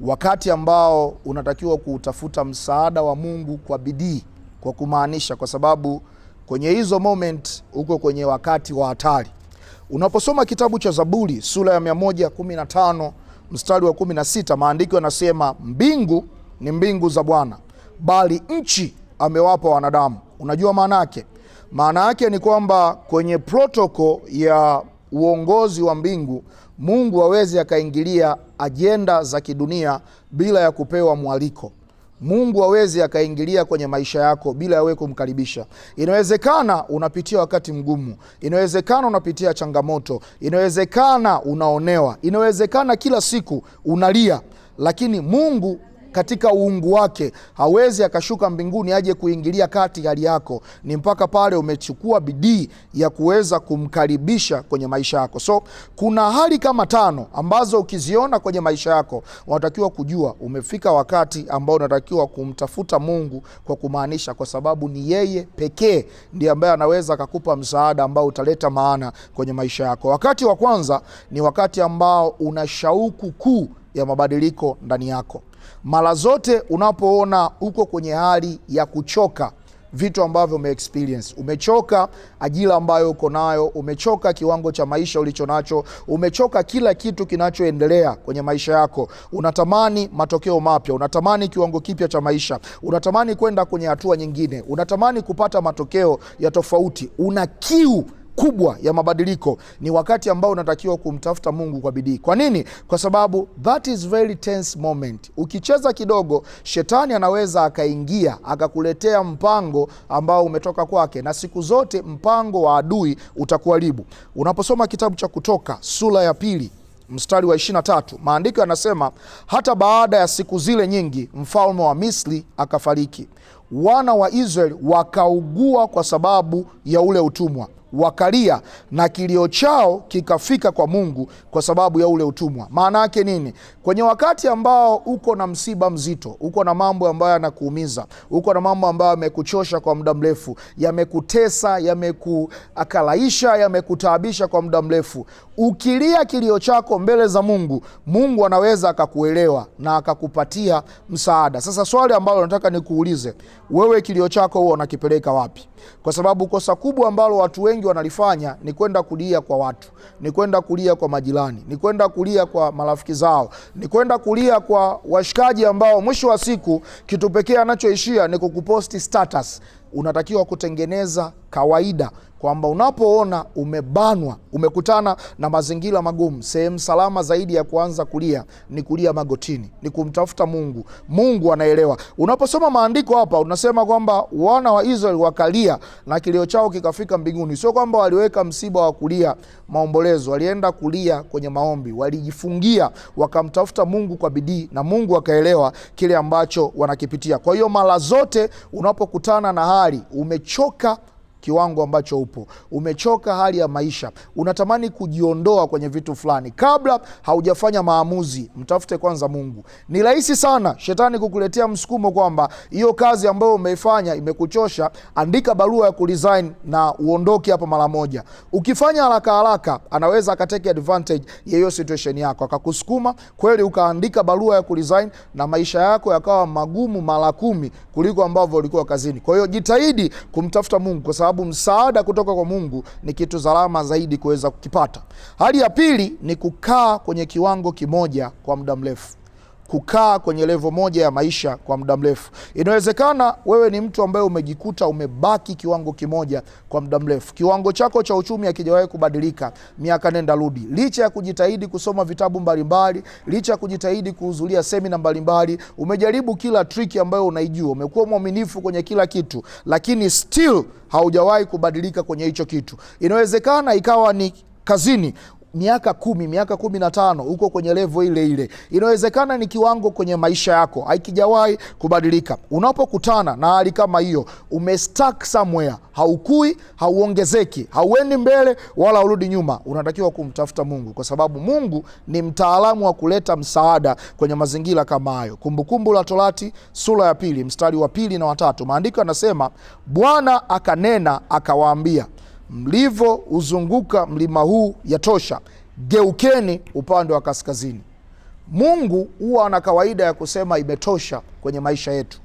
wakati ambao unatakiwa kuutafuta msaada wa Mungu kwa bidii, kwa kumaanisha, kwa sababu kwenye hizo moment uko kwenye wakati wa hatari. Unaposoma kitabu cha Zaburi sura ya 115 mstari wa 16, maandiko yanasema mbingu ni mbingu za Bwana, bali nchi amewapa wanadamu. Unajua maana yake? Maana yake ni kwamba kwenye protoko ya uongozi wa mbingu Mungu hawezi akaingilia ajenda za kidunia bila ya kupewa mwaliko. Mungu hawezi akaingilia kwenye maisha yako bila ya wewe kumkaribisha. Inawezekana unapitia wakati mgumu, inawezekana unapitia changamoto, inawezekana unaonewa, inawezekana kila siku unalia, lakini Mungu katika uungu wake, hawezi akashuka mbinguni aje kuingilia kati hali yako. Ni mpaka pale umechukua bidii ya kuweza kumkaribisha kwenye maisha yako. So kuna hali kama tano ambazo ukiziona kwenye maisha yako unatakiwa kujua umefika wakati ambao unatakiwa kumtafuta Mungu kwa kumaanisha, kwa sababu ni yeye pekee ndiye ambaye anaweza akakupa msaada ambao utaleta maana kwenye maisha yako. Wakati wa kwanza ni wakati ambao una shauku kuu ya mabadiliko ndani yako. Mara zote unapoona uko kwenye hali ya kuchoka vitu ambavyo ume experience, umechoka ajira ambayo uko nayo, umechoka kiwango cha maisha ulicho nacho, umechoka kila kitu kinachoendelea kwenye maisha yako, unatamani matokeo mapya, unatamani kiwango kipya cha maisha, unatamani kwenda kwenye hatua nyingine, unatamani kupata matokeo ya tofauti, una kiu kubwa ya mabadiliko ni wakati ambao unatakiwa kumtafuta Mungu kwa bidii. Kwa nini? Kwa sababu that is very tense moment. Ukicheza kidogo, shetani anaweza akaingia akakuletea mpango ambao umetoka kwake, na siku zote mpango wa adui utakuharibu. Unaposoma kitabu cha Kutoka sura ya pili mstari wa 23 maandiko yanasema, hata baada ya siku zile nyingi mfalme wa Misri akafariki, wana wa Israeli wakaugua kwa sababu ya ule utumwa wakalia na kilio chao kikafika kwa Mungu kwa sababu ya ule utumwa. Maana yake nini? Kwenye wakati ambao uko na msiba mzito, uko na mambo ambayo yanakuumiza, uko na mambo ambayo yamekuchosha kwa muda mrefu, yamekutesa, yamekuakalaisha, yamekutaabisha kwa muda mrefu, ukilia kilio chako mbele za Mungu, Mungu anaweza akakuelewa na akakupatia msaada. Sasa swali ambalo nataka nikuulize wewe, kilio chako huo unakipeleka wapi? Kwa sababu kosa kubwa ambalo watu wengi wengi wanalifanya ni kwenda kulia kwa watu, ni kwenda kulia kwa majirani, ni kwenda kulia kwa marafiki zao, ni kwenda kulia kwa washikaji ambao mwisho wa siku kitu pekee anachoishia ni kukuposti status. Unatakiwa kutengeneza kawaida kwamba unapoona umebanwa, umekutana na mazingira magumu, sehemu salama zaidi ya kuanza kulia ni kulia magotini, ni kumtafuta Mungu. Mungu anaelewa. Unaposoma maandiko hapa, unasema kwamba wana wa Israeli wakalia na kilio chao kikafika mbinguni. Sio kwamba waliweka msiba wa kulia maombolezo, walienda kulia kwenye maombi, walijifungia, wakamtafuta Mungu kwa bidii, na Mungu akaelewa kile ambacho wanakipitia. Kwa hiyo mara zote unapokutana na hali umechoka kiwango ambacho upo, umechoka hali ya maisha, unatamani kujiondoa kwenye vitu fulani, kabla haujafanya maamuzi, mtafute kwanza Mungu. Ni rahisi sana shetani kukuletea msukumo kwamba hiyo kazi ambayo umeifanya imekuchosha, andika barua ya kuresign na uondoke hapa mara moja. Ukifanya haraka haraka, anaweza akateke advantage ya hiyo situation yako, akakusukuma kweli, ukaandika barua ya kuresign na maisha yako yakawa magumu mara kumi kuliko ambavyo ulikuwa kazini. Kwa hiyo jitahidi kumtafuta Mungu kwa sababu sababu msaada kutoka kwa Mungu ni kitu salama zaidi kuweza kukipata. Hali ya pili ni kukaa kwenye kiwango kimoja kwa muda mrefu kukaa kwenye levo moja ya maisha kwa muda mrefu. Inawezekana wewe ni mtu ambaye umejikuta umebaki kiwango kimoja kwa muda mrefu, kiwango chako cha uchumi hakijawahi kubadilika miaka nenda rudi, licha ya kujitahidi kusoma vitabu mbalimbali, licha ya kujitahidi kuhudhuria semina mbalimbali, umejaribu kila triki ambayo unaijua, umekuwa mwaminifu kwenye kila kitu, lakini still haujawahi kubadilika kwenye hicho kitu. Inawezekana ikawa ni kazini miaka kumi, miaka kumi na tano huko kwenye levo ile ile. Inawezekana ni kiwango kwenye maisha yako haikijawahi kubadilika. Unapokutana na hali kama hiyo, umestuck somewhere, haukui, hauongezeki, hauendi mbele wala urudi nyuma, unatakiwa kumtafuta Mungu kwa sababu Mungu ni mtaalamu wa kuleta msaada kwenye mazingira kama hayo. Kumbukumbu la Torati sura ya pili mstari wa pili na watatu, maandiko yanasema Bwana akanena akawaambia uzunguka mlima huu yatosha, geukeni upande wa kaskazini. Mungu huwa ana kawaida ya kusema imetosha kwenye maisha yetu.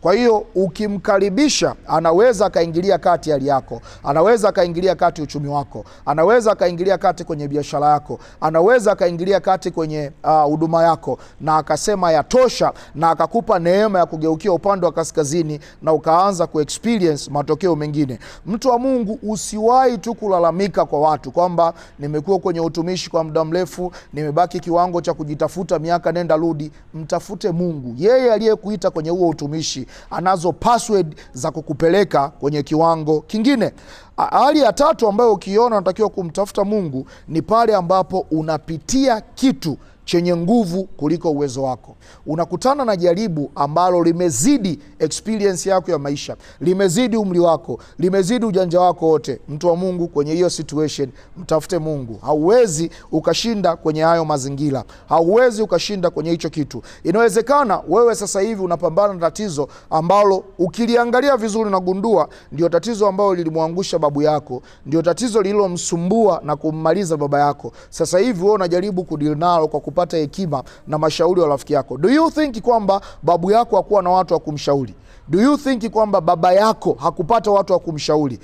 Kwa hiyo ukimkaribisha, anaweza akaingilia kati hali yako, anaweza akaingilia kati uchumi wako, anaweza akaingilia kati kwenye biashara yako, anaweza akaingilia kati kwenye uh, huduma uh, yako, na akasema yatosha, na akakupa neema ya kugeukia upande wa kaskazini na ukaanza kuexperience matokeo mengine. Mtu wa Mungu, usiwahi tu kulalamika kwa watu kwamba nimekuwa kwenye utumishi kwa muda mrefu, nimebaki kiwango cha kujitafuta miaka nenda rudi. Mtafute Mungu, yeye aliyekuita kwenye huo utumishi anazo password za kukupeleka kwenye kiwango kingine. Hali ya tatu ambayo ukiona unatakiwa kumtafuta Mungu ni pale ambapo unapitia kitu chenye nguvu kuliko uwezo wako. Unakutana na jaribu ambalo limezidi experience yako ya maisha, limezidi umri wako, limezidi ujanja wako wote. Mtu wa Mungu, kwenye hiyo situation mtafute Mungu. Hauwezi ukashinda kwenye hayo mazingira, hauwezi ukashinda kwenye hicho kitu. Inawezekana wewe sasa hivi unapambana na tatizo ambalo ukiliangalia vizuri unagundua ndio tatizo ambalo lilimwangusha babu yako, ndio tatizo lililomsumbua na kummaliza baba yako. Sasa hivi wewe unajaribu kudili nalo kwa kupata hekima na mashauri wa rafiki yako. Do you think kwamba babu yako hakuwa na watu wa kumshauri? Do you think kwamba baba yako hakupata watu wa kumshauri?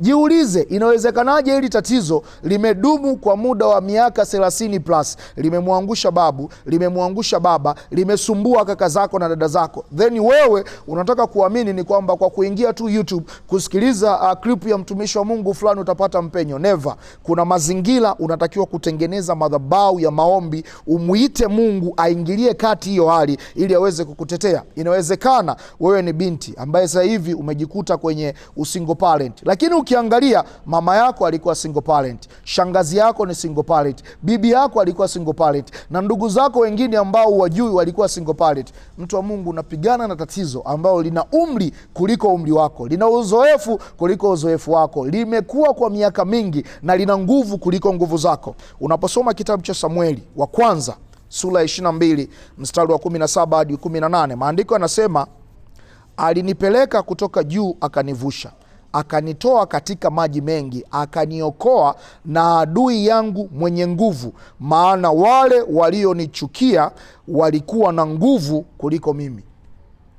Jiulize, inawezekanaje hili tatizo limedumu kwa muda wa miaka 30 plus, limemwangusha babu, limemwangusha baba, limesumbua kaka zako na dada zako, then wewe unataka kuamini ni kwamba kwa kuingia tu YouTube kusikiliza uh, clip ya mtumishi wa Mungu fulani utapata mpenyo? Never. Kuna mazingira unatakiwa kutengeneza madhabahu ya maombi, umwite Mungu aingilie kati hiyo hali, ili aweze kukutetea. Inawezekana wewe ni binti ambaye sasa hivi umejikuta kwenye usingo parent, lakini ukiangalia mama yako alikuwa single parent, shangazi yako ni single parent, bibi yako alikuwa single parent, na ndugu zako wengine ambao wajui walikuwa single parent. Mtu wa Mungu, unapigana na tatizo ambalo lina umri kuliko umri wako, lina uzoefu kuliko uzoefu wako, limekuwa kwa miaka mingi na lina nguvu kuliko nguvu zako. Unaposoma kitabu cha Samueli wa kwanza sura ya 22 mstari wa 17 hadi 18, maandiko yanasema alinipeleka kutoka juu akanivusha akanitoa katika maji mengi, akaniokoa na adui yangu mwenye nguvu, maana wale walionichukia walikuwa na nguvu kuliko mimi.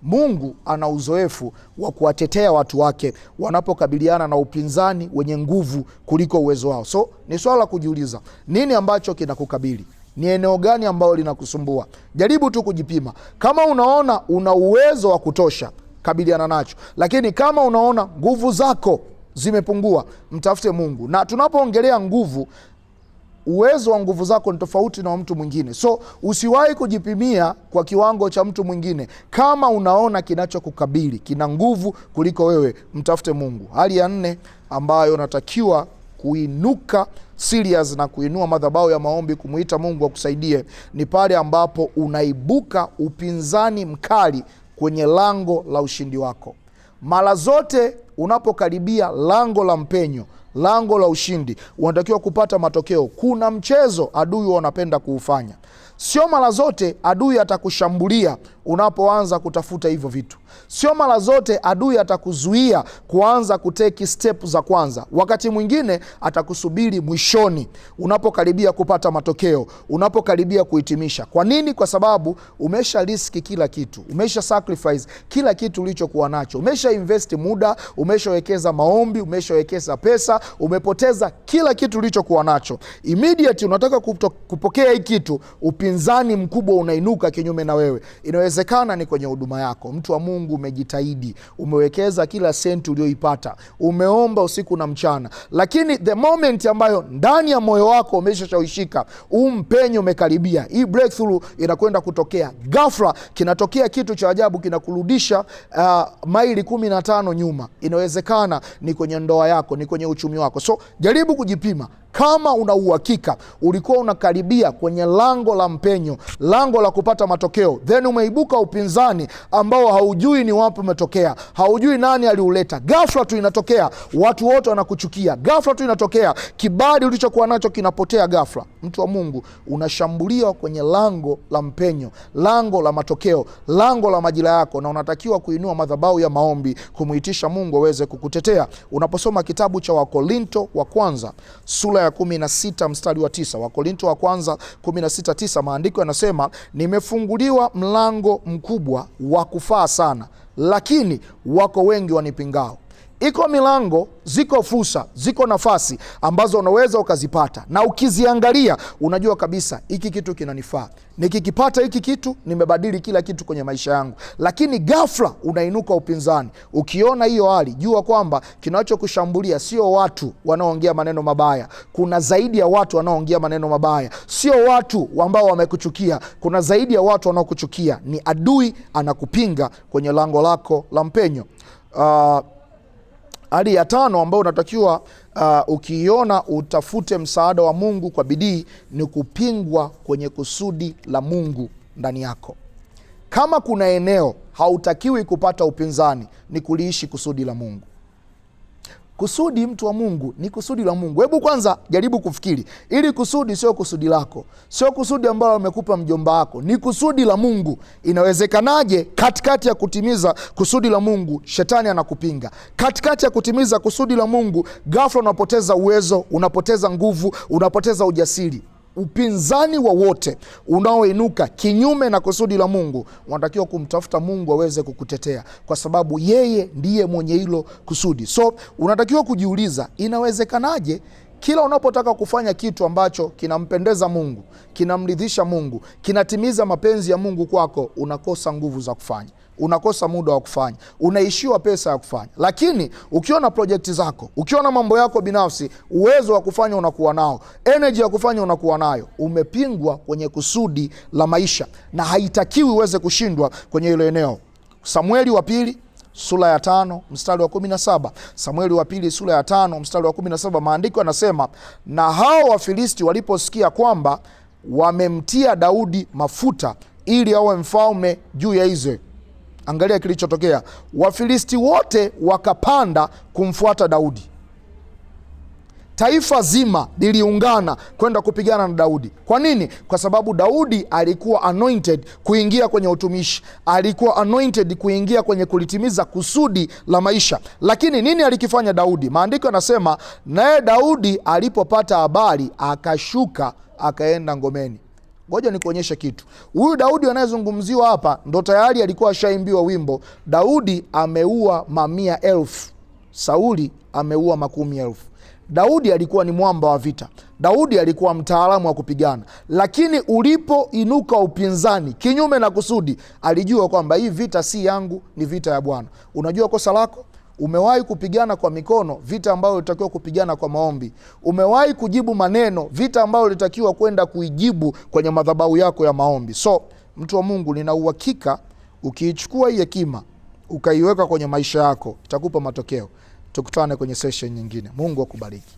Mungu ana uzoefu wa kuwatetea watu wake wanapokabiliana na upinzani wenye nguvu kuliko uwezo wao. So ni swala la kujiuliza, nini ambacho kinakukabili? Ni eneo gani ambalo linakusumbua? Jaribu tu kujipima. Kama unaona una uwezo wa kutosha kabiliana nacho. Lakini kama unaona nguvu zako zimepungua, mtafute Mungu. Na tunapoongelea nguvu, uwezo wa nguvu zako ni tofauti na wa mtu mwingine, so usiwahi kujipimia kwa kiwango cha mtu mwingine. Kama unaona kinachokukabili kina nguvu kuliko wewe, mtafute Mungu. Hali ya nne ambayo unatakiwa kuinuka serious na kuinua madhabahu ya maombi kumwita Mungu akusaidie ni pale ambapo unaibuka upinzani mkali kwenye lango la ushindi wako. Mara zote unapokaribia lango la mpenyo, lango la ushindi, unatakiwa kupata matokeo. Kuna mchezo adui wanapenda kuufanya. Sio mara zote adui atakushambulia unapoanza kutafuta hivyo vitu. Sio mara zote adui atakuzuia kuanza kuteki step za kwanza, wakati mwingine atakusubiri mwishoni, unapokaribia kupata matokeo, unapokaribia kuhitimisha. Kwa nini? Kwa sababu umesha riski kila kitu, umesha sacrifice kila kitu ulichokuwa nacho, umesha invest muda, umeshawekeza maombi, umeshawekeza pesa, umepoteza kila kitu ulichokuwa nacho. Immediate unataka kupokea hii kitu, upinzani mkubwa unainuka kinyume na wewe, inaweza Inawezekana ni kwenye huduma yako, mtu wa Mungu, umejitahidi, umewekeza kila senti ulioipata, umeomba usiku na mchana, lakini the moment ambayo ndani ya moyo wako umeshashawishika, huu mpenyo umekaribia, hii breakthrough inakwenda kutokea, ghafla kinatokea kitu cha ajabu, kinakurudisha uh, maili kumi na tano nyuma. Inawezekana ni kwenye ndoa yako, ni kwenye uchumi wako, so jaribu kujipima kama una uhakika ulikuwa unakaribia kwenye lango la mpenyo, lango la kupata matokeo, then umeibuka upinzani ambao haujui ni wapi umetokea, haujui nani aliuleta. Ghafla tu inatokea, watu wote wanakuchukia. Ghafla tu inatokea, kibadi ulichokuwa nacho kinapotea ghafla. Mtu wa Mungu, unashambuliwa kwenye lango la mpenyo, lango la matokeo, lango la majira yako, na unatakiwa kuinua madhabahu ya maombi kumuitisha Mungu aweze kukutetea. Unaposoma kitabu cha Wakorinto wa kwanza sura ya 16 mstari wa 9. Wakorinto wa kwanza 16:9, maandiko yanasema nimefunguliwa mlango mkubwa wa kufaa sana, lakini wako wengi wanipingao iko milango, ziko fursa, ziko nafasi ambazo unaweza ukazipata, na ukiziangalia unajua kabisa hiki kitu kinanifaa, nikikipata hiki kitu nimebadili kila kitu kwenye maisha yangu. Lakini ghafla unainuka upinzani, ukiona hiyo hali, jua kwamba kinachokushambulia sio watu wanaoongea maneno mabaya, kuna zaidi ya watu wanaoongea maneno mabaya. Sio watu ambao wamekuchukia, kuna zaidi ya watu wanaokuchukia. Ni adui anakupinga kwenye lango lako la mpenyo. Uh, Hali ya tano ambayo unatakiwa uh, ukiiona utafute msaada wa Mungu kwa bidii ni kupingwa kwenye kusudi la Mungu ndani yako. Kama kuna eneo hautakiwi kupata upinzani, ni kuliishi kusudi la Mungu. Kusudi mtu wa Mungu ni kusudi la Mungu. Hebu kwanza jaribu kufikiri, ili kusudi sio kusudi lako, sio kusudi ambalo amekupa mjomba wako, ni kusudi la Mungu. Inawezekanaje katikati ya kutimiza kusudi la Mungu shetani anakupinga? Katikati ya kutimiza kusudi la Mungu gafla unapoteza uwezo, unapoteza nguvu, unapoteza ujasiri upinzani wowote unaoinuka kinyume na kusudi la Mungu, unatakiwa kumtafuta Mungu aweze kukutetea, kwa sababu yeye ndiye mwenye hilo kusudi. So unatakiwa kujiuliza, inawezekanaje kila unapotaka kufanya kitu ambacho kinampendeza Mungu, kinamridhisha Mungu, kinatimiza mapenzi ya Mungu kwako, unakosa nguvu za kufanya, unakosa muda wa kufanya, unaishiwa pesa ya kufanya. Lakini ukiwa na projekti zako, ukiwa na mambo yako binafsi, uwezo wa kufanya unakuwa nao, eneji ya kufanya unakuwa nayo. Umepingwa kwenye kusudi la maisha, na haitakiwi uweze kushindwa kwenye hilo eneo. Samueli wa Pili sura ya tano mstari wa kumi na saba Samueli wa pili sura ya tano mstari wa kumi na saba maandiko yanasema, na hao Wafilisti waliposikia kwamba wamemtia Daudi mafuta ili awe mfalme juu ya Israeli, angalia kilichotokea. Wafilisti wote wakapanda kumfuata Daudi taifa zima liliungana kwenda kupigana na Daudi. Kwa nini? Kwa sababu Daudi alikuwa anointed kuingia kwenye utumishi, alikuwa anointed kuingia kwenye kulitimiza kusudi la maisha. Lakini nini alikifanya Daudi? Maandiko yanasema naye Daudi alipopata habari akashuka akaenda ngomeni. Ngoja nikuonyeshe kitu. Huyu Daudi anayezungumziwa hapa ndo tayari alikuwa ashaimbiwa wimbo, Daudi ameua mamia elfu, Sauli ameua makumi elfu. Daudi alikuwa ni mwamba wa vita. Daudi alikuwa mtaalamu wa kupigana, lakini ulipoinuka upinzani kinyume na kusudi, alijua kwamba hii vita si yangu, ni vita ya Bwana. Unajua kosa lako Umewahi kupigana kwa mikono vita ambayo ulitakiwa kupigana kwa maombi. Umewahi kujibu maneno vita ambayo ulitakiwa kwenda kuijibu kwenye madhabahu yako ya maombi. So mtu wa Mungu, nina uhakika ukiichukua hii hekima ukaiweka kwenye maisha yako itakupa matokeo. Tukutane kwenye session nyingine. Mungu akubariki.